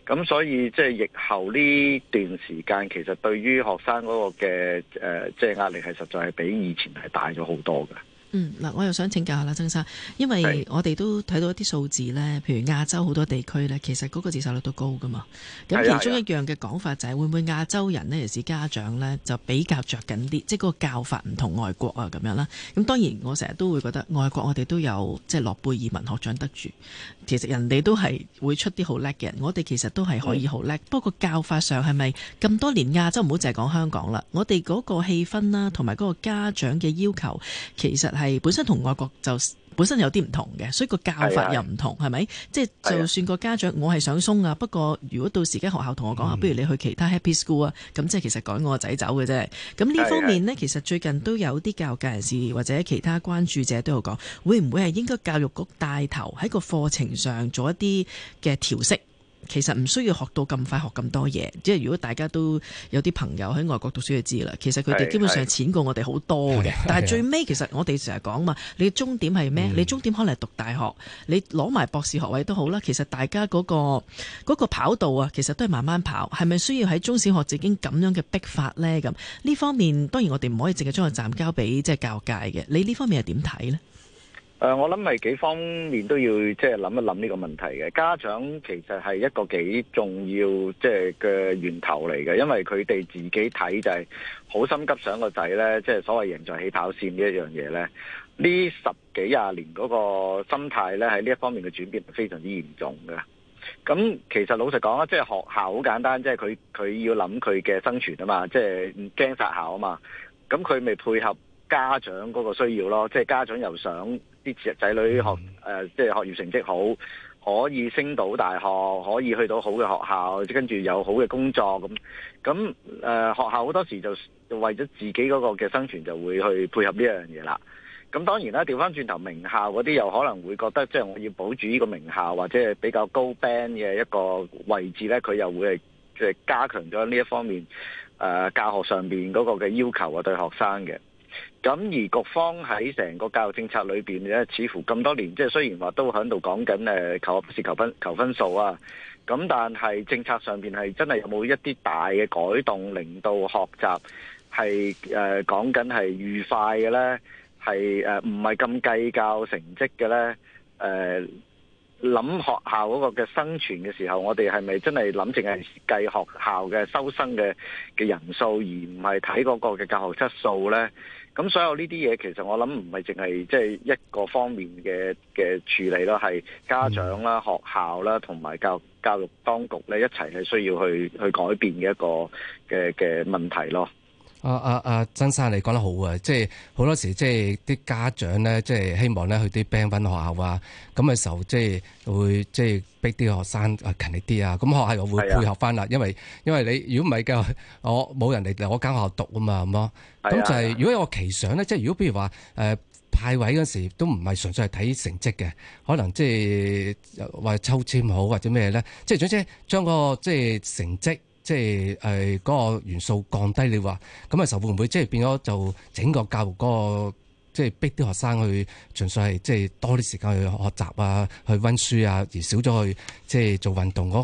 咁所以即係疫後呢段時間，其實對於學生嗰個嘅誒，即、呃、係、就是、壓力係實在係比以前係大咗好多嘅。嗯，嗱，我又想請教下啦，曾生，因為我哋都睇到一啲數字咧，譬如亞洲好多地區咧，其實嗰個自殺率都高噶嘛。咁其中一樣嘅講法就係、是哎、會唔會亞洲人呢？尤其是家長咧，就比較着緊啲，即係嗰個教法唔同外國啊咁樣啦。咁當然我成日都會覺得外國我哋都有即係、就是、諾貝爾文學獎得主其實人哋都係會出啲好叻嘅人，我哋其實都係可以好叻、嗯。不過教法上係咪咁多年亞洲唔好淨係講香港啦，我哋嗰個氣氛啦、啊，同埋嗰個家長嘅要求，其實係本身同外國就本身有啲唔同嘅，所以個教法又唔同，係、哎、咪？即係、就是、就算個家長、哎、我係想鬆啊，不過如果到時間學校同我講啊，不、嗯、如你去其他 Happy School 啊，咁即係其實趕我個仔走嘅啫。咁呢方面呢、哎，其實最近都有啲教育界人士或者其他關注者都有講，會唔會係應該教育局帶頭喺個課程？上做一啲嘅調適，其實唔需要學到咁快學咁多嘢。即係如果大家都有啲朋友喺外國讀書就知啦。其實佢哋基本上淺過我哋好多嘅。但係最尾其實我哋成日講啊嘛，你嘅終點係咩，嗯？你終點可能係讀大學，你攞埋博士學位都好啦。其實大家嗰、那個嗰、那個跑道啊，其實都係慢慢跑。係咪需要喺中小學已經咁樣嘅逼法咧？咁呢方面當然我哋唔可以淨係將個站交俾、嗯、即係教育界嘅。你呢方面係點睇咧？誒，我諗係幾方面都要即係諗一諗呢個問題嘅。家長其實係一個幾重要即係嘅源頭嚟嘅，因為佢哋自己睇就係好心急想個仔呢，即係所謂贏在起跑線呢一樣嘢呢。呢十幾廿年嗰個心態呢，喺呢一方面嘅轉變係非常之嚴重嘅。咁其實老實講啦，即係學校好簡單，即係佢佢要諗佢嘅生存啊嘛，即係唔驚殺校啊嘛。咁佢未配合。家長嗰個需要咯，即係家長又想啲仔女學即係、嗯、學業成績好，可以升到大學，可以去到好嘅學校，跟住有好嘅工作咁。咁誒，學校好多時就為咗自己嗰個嘅生存，就會去配合呢樣嘢啦。咁當然啦，調翻轉頭，名校嗰啲又可能會覺得，即係我要保住呢個名校或者比較高 band 嘅一個位置呢，佢又會即係加強咗呢一方面誒教學上面嗰個嘅要求啊，對學生嘅。咁而局方喺成個教育政策裏邊咧，似乎咁多年，即係雖然話都響度講緊誒求學求分求分數啊，咁但係政策上邊係真係有冇一啲大嘅改動，令到學習係誒講緊係愉快嘅咧，係誒唔係咁計較成績嘅咧？誒、呃，諗學校嗰個嘅生存嘅時候，我哋係咪真係諗淨係計學校嘅收生嘅嘅人數，而唔係睇嗰個嘅教學質素咧？咁所有呢啲嘢，其實我諗唔係淨係即係一個方面嘅嘅處理囉。係家長啦、學校啦，同埋教教育當局咧，一齊係需要去去改變嘅一個嘅嘅問題咯。啊啊啊，曾生，你講得好啊！即係好多時，即係啲家長咧，即係希望咧去啲 Band 1學校啊。咁嘅時候，即係會即係逼啲學生啊勤力啲啊。咁學校又會配合翻啦，因為因為你如果唔係嘅，我冇人嚟我間學校讀啊嘛咁咯。咁就係、是、如果有個期想咧，即係如果譬如話誒、呃、派位嗰時都唔係純粹係睇成績嘅，可能即係話抽籤好或者咩咧？即係總之將、那個個即係成績。即係誒嗰個元素降低，你話咁啊，時候會唔會即係變咗就整個教育嗰個即係逼啲學生去純粹係即係多啲時間去學習啊，去温書啊，而少咗去即係做運動嗰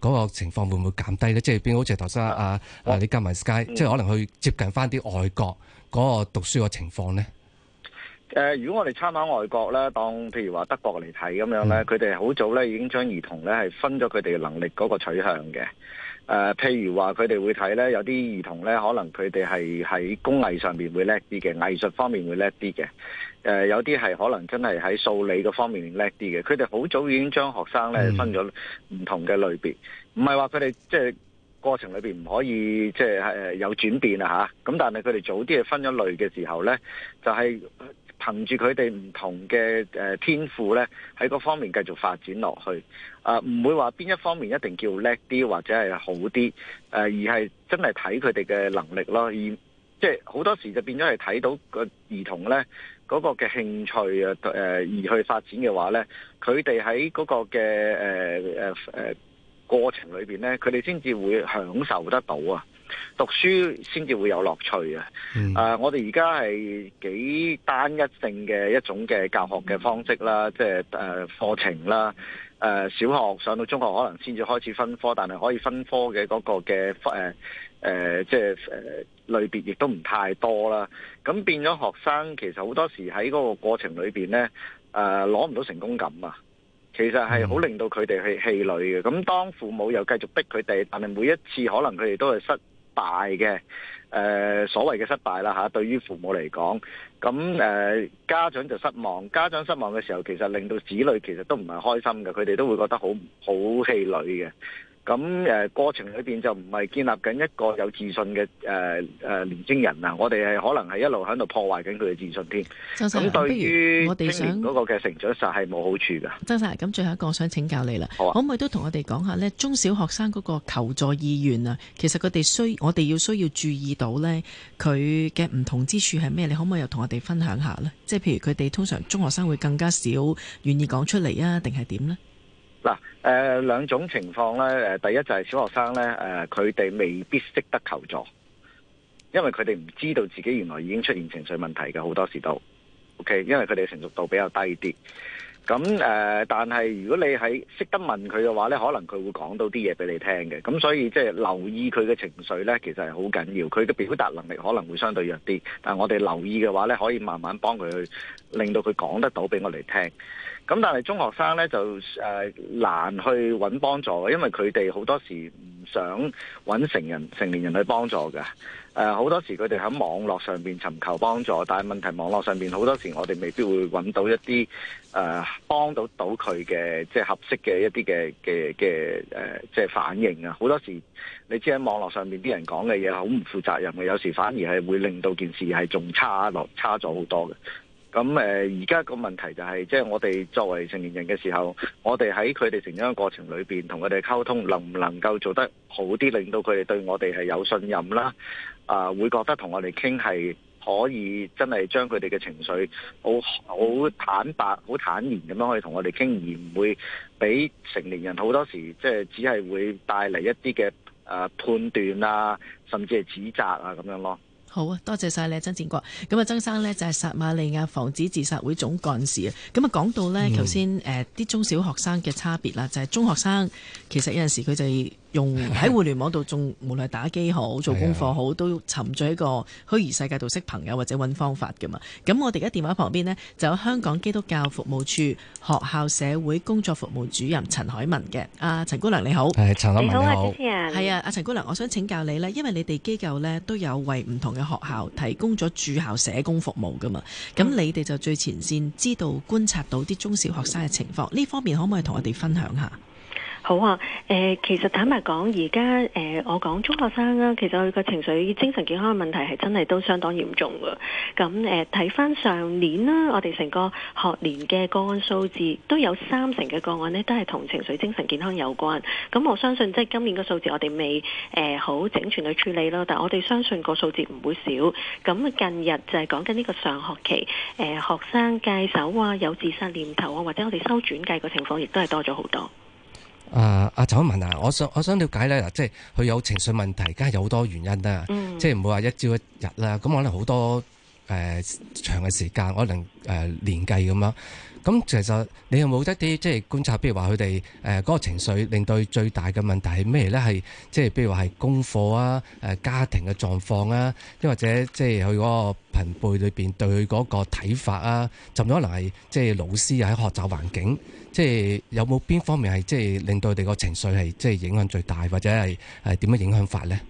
個嗰個情況會唔會減低咧？即係變咗好似頭先阿阿你夾埋 Sky，即係可能去接近翻啲外國嗰個讀書嘅情況咧。誒、呃，如果我哋參考外國咧，當譬如話德國嚟睇咁樣咧，佢哋好早咧已經將兒童咧係分咗佢哋嘅能力嗰個取向嘅。誒、呃，譬如話佢哋會睇咧，有啲兒童咧，可能佢哋係喺工藝上面會叻啲嘅，藝術方面會叻啲嘅。誒、呃，有啲係可能真係喺數理嘅方面叻啲嘅。佢哋好早已經將學生咧分咗唔同嘅類別，唔係話佢哋即係過程裏邊唔可以即係誒有轉變啊吓。咁但係佢哋早啲係分咗類嘅時候咧，就係、是。憑住佢哋唔同嘅誒天賦咧，喺嗰方面繼續發展落去啊，唔會話邊一方面一定叫叻啲或者係好啲，誒、啊、而係真係睇佢哋嘅能力咯，而即係好多時候就變咗係睇到個兒童咧嗰、那個嘅興趣啊誒而去發展嘅話咧，佢哋喺嗰個嘅誒誒誒過程裏邊咧，佢哋先至會享受得到啊！讀書先至會有樂趣啊！啊、嗯，uh, 我哋而家係幾單一性嘅一種嘅教學嘅方式啦，即係誒課程啦，誒、呃、小學上到中學可能先至開始分科，但係可以分科嘅嗰個嘅誒誒，即係誒類別亦都唔太多啦。咁變咗學生其實好多時喺嗰個過程裏邊咧，誒攞唔到成功感啊，其實係好令到佢哋去氣餒嘅。咁、嗯、當父母又繼續逼佢哋，但係每一次可能佢哋都係失。大嘅，誒、呃，所謂嘅失敗啦吓，對於父母嚟講，咁誒、呃，家長就失望，家長失望嘅時候，其實令到子女其實都唔係開心嘅，佢哋都會覺得好好氣餒嘅。咁誒、呃、過程裏面就唔係建立緊一個有自信嘅誒誒年青人啊，我哋係可能係一路喺度破壞緊佢嘅自信添。咁對於青年嗰個嘅成長實係冇好處㗎。曾生，咁最後一個我想請教你啦，可唔可以都同我哋講下呢？中小學生嗰個求助意願啊，其實佢哋需我哋要需要注意到呢，佢嘅唔同之處係咩？你可唔可以又同我哋分享下呢？即係譬如佢哋通常中學生會更加少願意講出嚟啊，定係點呢？嗱，誒兩種情況咧，誒第一就係小學生咧，誒佢哋未必識得求助，因為佢哋唔知道自己原來已經出現情緒問題嘅好多時都，OK，因為佢哋成熟度比較低啲。咁誒，但係如果你喺識得問佢嘅話咧，可能佢會講到啲嘢俾你聽嘅。咁所以即係留意佢嘅情緒咧，其實係好緊要。佢嘅表達能力可能會相對弱啲，但係我哋留意嘅話咧，可以慢慢幫佢去令到佢講得到俾我哋聽。咁但係中學生咧就誒、呃、難去揾幫助，因為佢哋好多時唔想揾成人成年人去幫助嘅。誒、呃、好多時佢哋喺網絡上面尋求幫助，但係問題網絡上面，好多時我哋未必會揾到一啲誒、呃、幫到到佢嘅即係合適嘅一啲嘅嘅嘅即係反應啊！好多時你知喺網絡上面啲人講嘅嘢好唔負責任嘅，有時反而係會令到件事係仲差落差咗好多嘅。咁誒，而家個問題就係即係我哋作為成年人嘅時候，我哋喺佢哋成長嘅過程裏邊同佢哋溝通，能唔能夠做得好啲，令到佢哋對我哋係有信任啦？啊，會覺得同我哋傾係可以真係將佢哋嘅情緒好好坦白、好坦然咁樣可以同我哋傾，而唔會俾成年人好多時即係、就是、只係會帶嚟一啲嘅誒判斷啊，甚至係指責啊咁樣咯。好啊，多謝晒你，曾展國。咁啊，曾生呢，就係撒馬利亞防止自殺會總幹事啊。咁啊，講到呢頭先誒啲中小學生嘅差別啦、嗯，就係、是、中學生其實有陣時佢就係用喺互聯網度，仲 無論打機好做功課好，都沉醉喺個虛擬世界度識朋友或者揾方法噶嘛。咁我哋而家電話旁邊呢，就有香港基督教服務處學校社會工作服務主任陳凱雯嘅。阿、啊、陳姑娘你好，你好啊，主持人，係啊，阿陳姑娘，我想請教你呢，因為你哋機構呢，都有為唔同嘅學校提供咗駐校社工服務㗎嘛？咁你哋就最前綫知道觀察到啲中小學生嘅情況，呢方面可唔可以同我哋分享下？好啊！誒、呃，其實坦白講，而家誒，我講中學生啦，其實佢個情緒精神健康嘅問題係真係都相當嚴重嘅。咁誒，睇返上年啦，我哋成個學年嘅個案數字都有三成嘅個案呢，都係同情緒精神健康有關。咁我相信即係今年嘅數字我哋，我哋未誒好整全去處理咯。但係我哋相信那個數字唔會少。咁近日就係講緊呢個上學期誒、呃、學生 𠝹 手啊，有自殺念頭啊，或者我哋收轉介嘅情況，亦都係多咗好多。呃、啊，阿陳凱雯啊，我想我想了解咧嗱，即係佢有情緒問題，梗係有好多原因啦、嗯，即係唔會話一朝一日啦，咁可能好多誒、呃、長嘅時間，可能誒年計咁樣。咁其實你有冇一啲即係觀察，譬如話佢哋誒嗰個情緒令到最大嘅問題係咩咧？係即係譬如話係功課啊、誒家庭嘅狀況啊，又或者即係佢嗰個朋輩裏邊對佢嗰個睇法啊，甚至可能係即係老師喺學習環境，即係有冇邊方面係即係令到佢哋個情緒係即係影響最大，或者係係點樣影響法咧？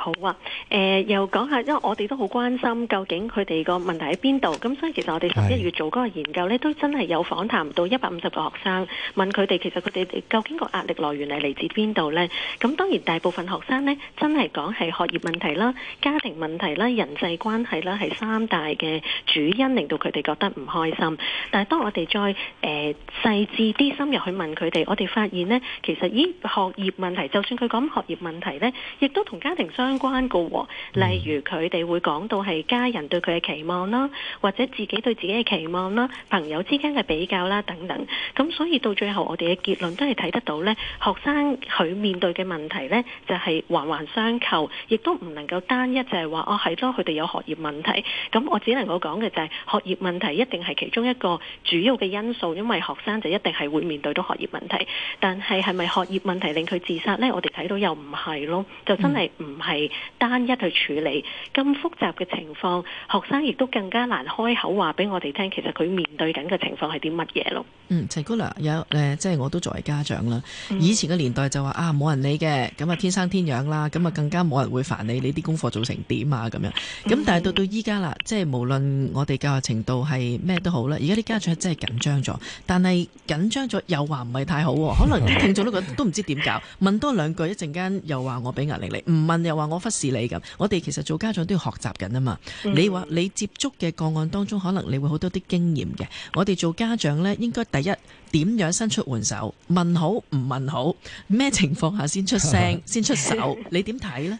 好啊，誒、呃、又講下，因為我哋都好關心究竟佢哋個問題喺邊度，咁所以其實我哋十一月做嗰個研究呢，都真係有訪談到一百五十個學生，問佢哋其實佢哋究竟個壓力來源係嚟自邊度呢？咁當然大部分學生呢，真係講係學業問題啦、家庭問題啦、人際關係啦，係三大嘅主因令到佢哋覺得唔開心。但係當我哋再誒細緻啲深入去問佢哋，我哋發現呢，其實咦學業問題就算佢講學業問題呢，亦都同家庭相相關嘅，例如佢哋會講到係家人對佢嘅期望啦，或者自己對自己嘅期望啦，朋友之間嘅比較啦等等。咁所以到最後我哋嘅結論都係睇得到咧，學生佢面對嘅問題咧就係環環相扣，亦都唔能夠單一就係話哦係咯，佢哋有學業問題。咁我只能夠講嘅就係學業問題一定係其中一個主要嘅因素，因為學生就一定係會面對到學業問題。但係係咪學業問題令佢自殺咧？我哋睇到又唔係咯，就真係唔係。單一去處理咁複雜嘅情況，學生亦都更加難開口話俾我哋聽。其實佢面對緊嘅情況係啲乜嘢咯？嗯，陳姑娘有、呃、即係我都作為家長啦、嗯。以前嘅年代就話啊，冇人理嘅，咁啊天生天養啦，咁啊更加冇人會煩你，你啲功課做成點啊咁樣。咁但係到到依家啦，即係無論我哋教育程度係咩都好啦，而家啲家長真係緊張咗。但係緊張咗又話唔係太好，可能聽咗都唔知點搞， 問多兩句，一陣間又話我俾壓力你，唔問又話。我忽視你咁，我哋其實做家長都要學習緊啊嘛。你話你接觸嘅個案當中，可能你會好多啲經驗嘅。我哋做家長呢，應該第一點樣伸出援手，問好唔問好，咩情況下先出聲 先出手？你點睇呢？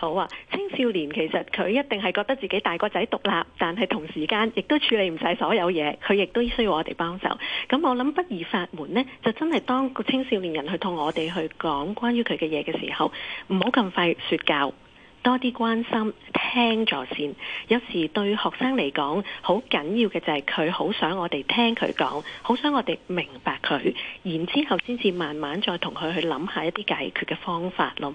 好啊，青少年其實佢一定係覺得自己大個仔獨立，但係同時間亦都處理唔晒所有嘢，佢亦都需要我哋幫手。咁我諗不二法門呢，就真係當個青少年人去同我哋去講關於佢嘅嘢嘅時候，唔好咁快說教，多啲關心聽咗先。有時對學生嚟講，好緊要嘅就係佢好想我哋聽佢講，好想我哋明白佢，然之後先至慢慢再同佢去諗下一啲解決嘅方法咯。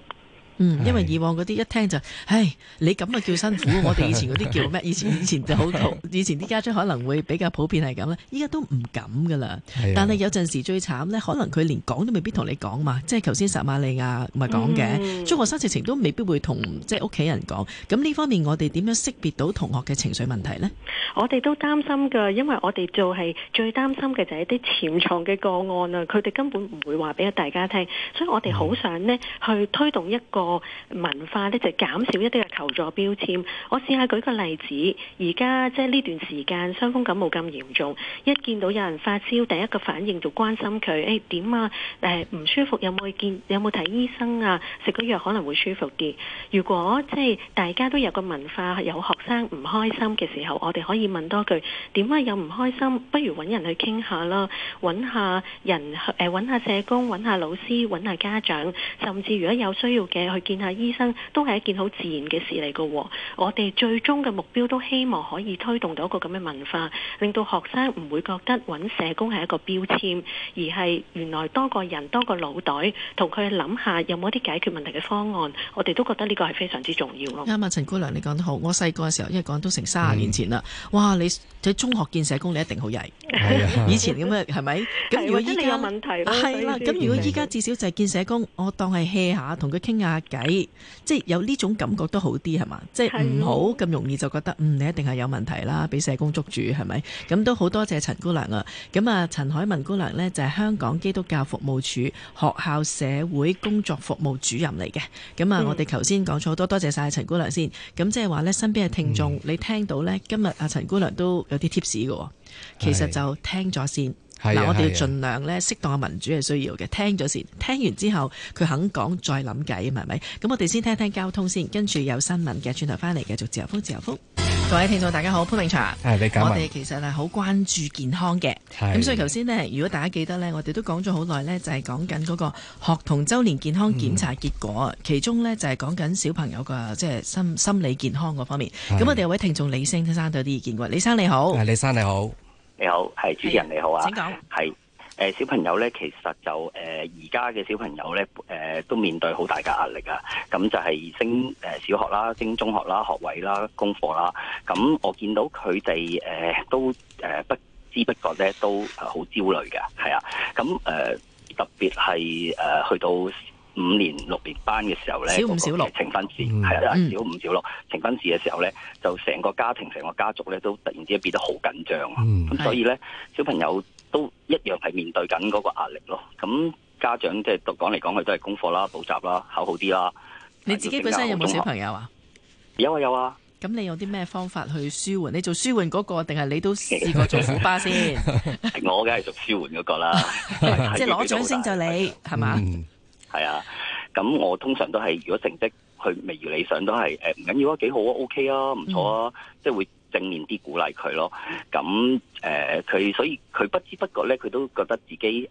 嗯，因為以往嗰啲一聽就，唉，你咁啊叫辛苦，我哋以前嗰啲叫咩？以前以前就好，以前啲家長可能會比較普遍係咁咧，依家都唔敢噶啦。但係有陣時最慘咧，可能佢連講都未必同你講嘛，即係頭先撒瑪利亞唔係講嘅，中學生嘅情都未必會同即係屋企人講。咁呢方面我哋點樣識別到同學嘅情緒問題咧？我哋都擔心噶，因為我哋做係最擔心嘅就係一啲潛藏嘅個案啊，佢哋根本唔會話俾啊大家聽，所以我哋好想咧去推動一個文化呢就減少一啲嘅求助標籤。我試下舉個例子，而家即係呢段時間傷風感冒咁嚴重，一見到有人發燒，第一個反應就關心佢，誒、哎、點啊？誒、呃、唔舒服，有冇去見？有冇睇醫生啊？食個藥可能會舒服啲。如果即係大家都有個文化，有學生唔開心嘅時候，我哋可以問多句：點解、啊、有唔開心？不如揾人去傾下啦，揾下人誒，揾、呃、下社工，揾下老師，揾下家長，甚至如果有需要嘅，去見下醫生都係一件好自然嘅事嚟嘅，我哋最終嘅目標都希望可以推動到一個咁嘅文化，令到學生唔會覺得揾社工係一個標籤，而係原來多個人多個腦袋，同佢諗下有冇一啲解決問題嘅方案。我哋都覺得呢個係非常之重要咯。啱啊，陳姑娘，你講得好。我細個嘅時候，因為講都成三十年前啦，哇！你喺中學見社工，你一定好曳。以前咁樣係咪？咁如果你有問題係啦，咁如果依家至少就係見社工，我當係 hea 下，同佢傾下。計，即係有呢種感覺都好啲係嘛，即係唔好咁容易就覺得，嗯，你一定係有問題啦，俾社工捉住係咪？咁都好多謝陳姑娘啊。咁啊，陳凱雯姑娘呢，就係、是、香港基督教服務處學校社會工作服務主任嚟嘅。咁啊，嗯、我哋頭先講咗好多，多謝晒陳姑娘先。咁即係話呢，身邊嘅聽眾、嗯，你聽到呢，今日阿陳姑娘都有啲 tips 嘅，其實就聽咗先。嗱、嗯嗯嗯，我哋要儘量咧、啊、適當民主係需要嘅，聽咗先，聽完之後佢肯講再諗計，係咪？咁我哋先聽聽交通先，跟住有新聞嘅轉頭翻嚟繼續自由風自由風。各位聽眾大家好，潘榮祥、哎，我哋其實係好關注健康嘅，咁所以頭先呢，如果大家記得呢，我哋都講咗好耐呢，就係講緊嗰個學童週年健康檢查結果、嗯，其中呢，就係講緊小朋友個即係心心理健康嗰方面。咁我哋有位聽眾李星先生有啲意見喎，李生你好。李、哎、生你好。你好，係主持人你好啊。請講，係誒，小朋友咧，其實就誒而家嘅小朋友咧，誒、呃、都面對好大嘅壓力啊。咁就係升誒小學啦，升中學啦，學位啦，功課啦。咁我見到佢哋誒都誒、呃、不知不覺咧都好焦慮嘅，係啊。咁、呃、誒特別係誒去到。五年六年班嘅時候咧，小五小六呈、那個、分試係啊，小五小六呈分試嘅時候咧，就成個家庭成個家族咧都突然之間變得好緊張，咁、嗯、所以咧，小朋友都一樣係面對緊嗰個壓力咯。咁家長即係講嚟講去都係功課啦、補習啦、考好啲啦。你自己本身有冇小朋友啊？有啊，有啊。咁你有啲咩方法去舒緩？你做舒緩嗰、那個，定係你都試過做苦巴先？ 我梗係做舒緩嗰個啦， 即係攞掌聲就你係嘛？ 是係啊，咁我通常都係如果成績佢未如理想都是，都係誒唔緊要啊，幾好啊，OK 啊，唔錯啊，嗯、即係會正面啲鼓勵佢咯。咁、呃、誒，佢所以佢不知不覺咧，佢都覺得自己誒誒、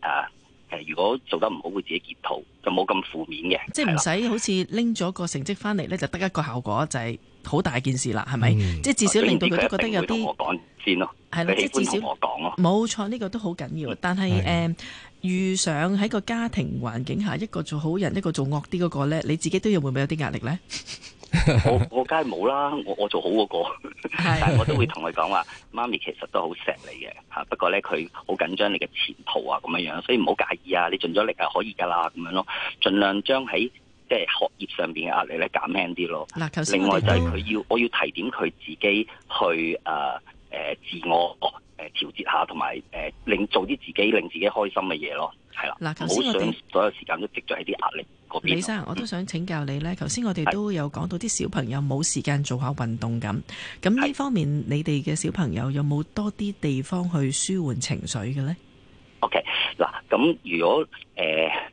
呃，如果做得唔好，會自己檢討，就冇咁負面嘅。即係唔使好似拎咗個成績返嚟咧，就得一個效果就係、是、好大件事啦，係咪、嗯？即係至少令到佢都覺得有啲、啊。啊、我講先咯，係咯，即係至少我講咯。冇錯，呢、這個都好緊要，嗯、但係誒。是遇上喺個家庭環境下，一個做好人，一個做惡啲嗰那個咧，你自己都要會唔會有啲壓力咧 ？我我梗係冇啦，我我做好嗰個， 但係我都會同佢講話，媽咪其實都好錫你嘅嚇，不過咧佢好緊張你嘅前途啊咁樣樣，所以唔好介意啊，你盡咗力啊可以㗎啦咁樣咯，盡量將喺即係學業上邊嘅壓力咧減輕啲咯，啊我。另外就係佢要我要提點佢自己去誒誒，呃呃、自我。誒，調節下，同埋誒，令做啲自己，令自己開心嘅嘢咯，係啦。嗱，頭先我哋所有時間都積聚喺啲壓力嗰邊。李生，我都想請教你咧。頭、嗯、先我哋都有講到啲小朋友冇時間做下運動咁。咁呢方面，你哋嘅小朋友有冇多啲地方去舒緩情緒嘅咧？OK，嗱，咁、嗯、如果誒、呃、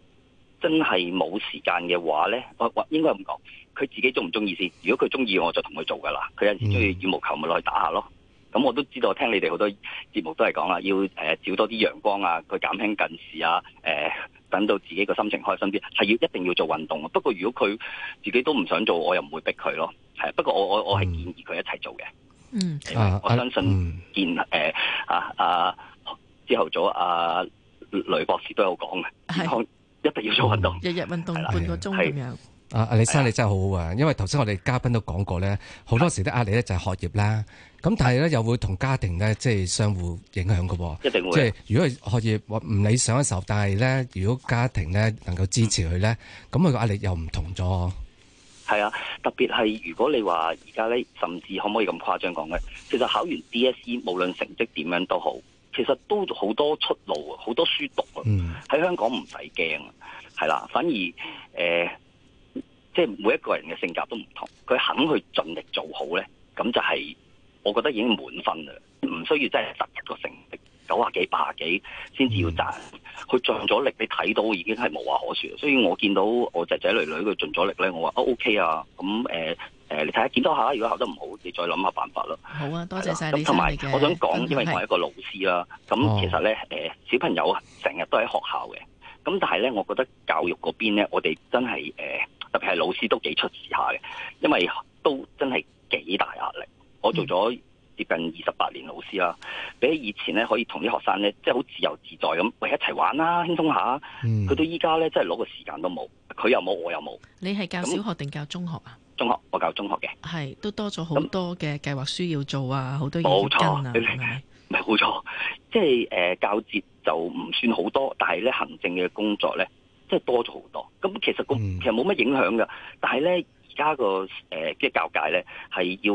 真係冇時間嘅話咧，我我應該咁講，佢自己中唔中意先？如果佢中意，我就同佢做噶啦。佢有陣時中意羽毛球咪落去打下咯。咁、嗯、我都知道，聽你哋好多節目都係講啦，要誒、呃、照多啲陽光啊，去減輕近視啊、呃，等到自己個心情開心啲，係要一定要做運動。不過如果佢自己都唔想做，我又唔會逼佢咯。不過我我我係建議佢一齊做嘅。嗯、啊，我相信、嗯、見誒、呃、啊啊，朝頭早阿雷、呃、博士都有講嘅，一定要做運動，日日、嗯、運動半個鐘啊、阿李生，你真係好好啊,啊！因為頭先我哋嘉賓都講過咧，好多時啲壓力咧就係學業啦，咁、啊、但係咧又會同家庭咧即係相互影響噶。一定會。即、就、係、是、如果學業唔理想嘅時候，但係咧如果家庭咧能夠支持佢咧，咁佢個壓力又唔同咗。係啊，特別係如果你話而家咧，甚至可唔可以咁誇張講咧？其實考完 DSE 無論成績點樣都好，其實都好多出路，好多書讀啊，喺、嗯、香港唔使驚啊，係啦，反而誒。呃即係每一個人嘅性格都唔同，佢肯去盡力做好咧，咁就係我覺得已經滿分啦，唔需要真係得一個成績九啊幾八啊幾先至要讚。佢盡咗力，你睇到，已經係無話可說。所以我見到我仔仔女女佢盡咗力咧，我話、啊、OK 啊，咁誒誒，你睇下見多下，如果考得唔好，你再諗下辦法咯。好啊，多謝晒。咁同埋我想講，因為我係一個老師啦，咁其實咧誒、哦呃，小朋友啊，成日都喺學校嘅，咁但係咧，我覺得教育嗰邊咧，我哋真係誒。呃特別係老師都幾出事下嘅，因為都真係幾大壓力。我做咗接近二十八年老師啦、嗯，比起以前咧可以同啲學生咧，即係好自由自在咁，喂一齊玩啦，輕鬆一下。佢、嗯、到依家咧，真係攞個時間都冇，佢又冇，我又冇。你係教小學定教中學啊？中學，我教中學嘅。係，都多咗好多嘅計劃書要做啊，好多嘢要跟啊。冇錯，即係誒教節就唔算好多，但係咧行政嘅工作咧。即係多咗好多，咁其實個其實冇乜影響嘅、嗯，但係咧而家個誒即係教界咧係要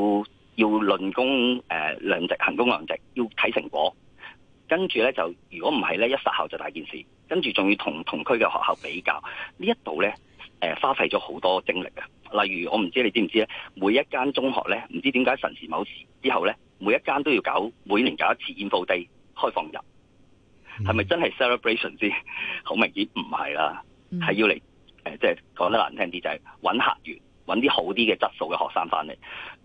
要論功誒量績，行功量績，要睇成果。跟住咧就如果唔係咧一殺校就大件事，接還要跟住仲要同同區嘅學校比較，這裡呢一度咧誒花費咗好多精力啊。例如我唔知道你知唔知咧，每一間中學咧唔知點解神時某時之後咧，每一間都要搞每年搞一次 info day 開放日。係咪真係 celebration 先？好明顯唔係啦，係、mm. 要嚟，誒，即係講得難聽啲，就係、是、搵客源，搵啲好啲嘅質素嘅學生翻嚟。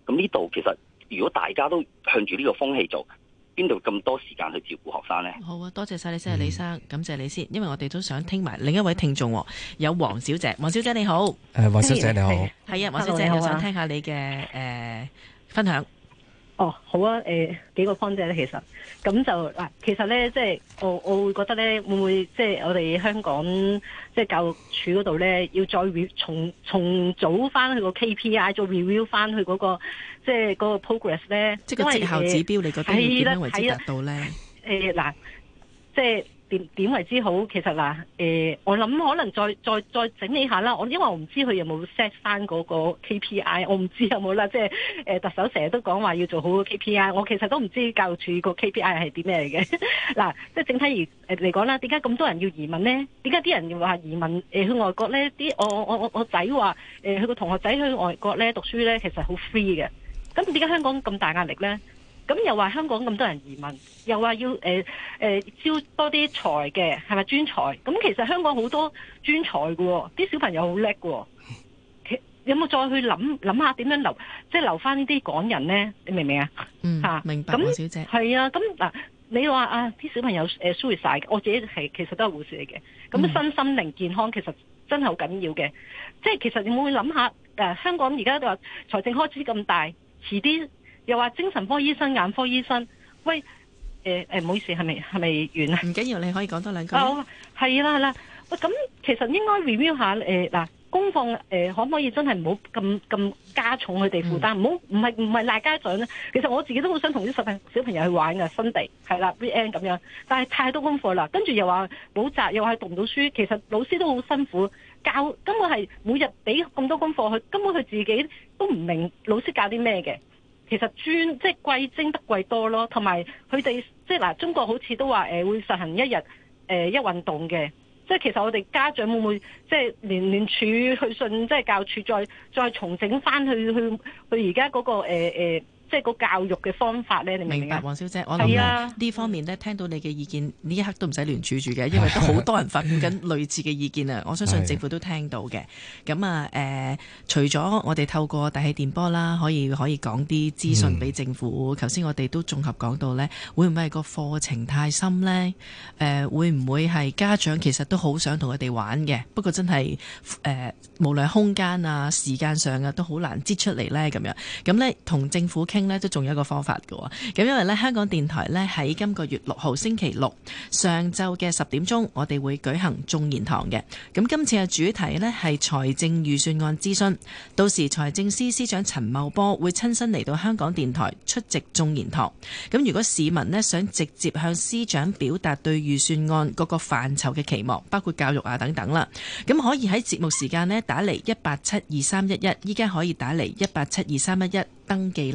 咁呢度其實，如果大家都向住呢個風氣做，邊度咁多時間去照顧學生咧？好啊，多謝曬你先，李生，感謝你先，因為我哋都想聽埋另一位聽眾，有黃小姐，黃小姐你好，誒，黃小姐你好，係 啊，黃小姐，我想聽下你嘅誒、呃、分享。哦，好啊，呃、幾個 point 咧，其實，咁就嗱，其實咧，即係我我會覺得咧，會唔會即係我哋香港即係教育署嗰度咧，要再 review 從從早翻佢個 KPI，再 review 翻佢嗰個即係嗰個 progress 咧，因為嘅指標你覺得點樣為之達到咧？嗱、呃，即係。點點為之好？其實嗱，誒、呃，我諗可能再再再整理下啦。我因為我唔知佢有冇 set 翻嗰個 KPI，我唔知有冇啦。即係誒，特首成日都講話要做好 KPI，我其實都唔知教育署個 KPI 係啲咩嚟嘅。嗱、 呃，即係整體而嚟講啦，點解咁多人要移民呢？點解啲人要話移民？誒、呃，去外國呢？啲我我我我仔話，誒、呃，佢個同學仔去外國呢讀書呢，其實好 free 嘅。咁點解香港咁大壓力呢？咁又話香港咁多人移民，又話要誒誒招多啲才嘅，係咪專才？咁其實香港好多專才嘅，哦，啲小朋友好叻喎。有冇再去諗諗下點樣留，即係留翻呢啲港人咧？你明唔明啊？嗯，啊，明白。啊，小姐係啊，咁嗱，你話啊、啲、啊、小朋友誒 suicide 嘅，我自己係其實都係護士嚟嘅。咁身心靈健康其實真係好緊要嘅，嗯。即係其實你會諗下誒，香港而家話財政開支咁大，遲啲。又話精神科醫生、眼科醫生，喂，誒、欸、誒，唔、欸、好意思，係咪係咪完啦？唔緊要，你可以講多兩句。好係啦係啦，喂，咁其實應該 review 下，誒、呃、嗱，功課誒、呃、可唔可以真係唔好咁咁加重佢哋負擔？唔好唔係唔係賴家長咧。其實我自己都好想同啲小朋友去玩噶，新地係啦，V N 咁樣。但係太多功課啦，跟住又話補習，又話讀唔到書。其實老師都好辛苦，教根本係每日俾咁多功課，佢根本佢自己都唔明老師教啲咩嘅。其實專即係貴精得貴多咯，同埋佢哋即係嗱，中國好似都話誒會實行一日、呃、一運動嘅，即係其實我哋家長會唔會即係聯聯署去信即係教處再再重整翻去去去而家嗰個、呃呃即係個教育嘅方法咧，你明唔明白，黃小姐，我諗呢方面咧，聽到你嘅意見，呢一刻都唔使亂住住嘅，因為都好多人發表緊類似嘅意見啊！ 我相信政府都聽到嘅。咁 啊，誒、呃，除咗我哋透過大氣電波啦，可以可以講啲資訊俾政府。頭、嗯、先我哋都綜合講到咧，會唔會係個課程太深咧？誒、呃，會唔會係家長其實都好想同佢哋玩嘅？不過真係誒、呃，無論空間啊、時間上啊，都好難擠出嚟咧。咁樣咁咧，同政府傾。咧都仲有一個方法㗎，咁因為咧香港電台咧喺今個月六號星期六上晝嘅十點鐘，我哋會舉行眾言堂嘅。咁今次嘅主題咧係財政預算案諮詢，到時財政司司長陳茂波會親身嚟到香港電台出席眾言堂。咁如果市民咧想直接向司長表達對預算案各個範疇嘅期望，包括教育啊等等啦，咁可以喺節目時間咧打嚟一八七二三一一，依家，可以打嚟一八七二三一一登記。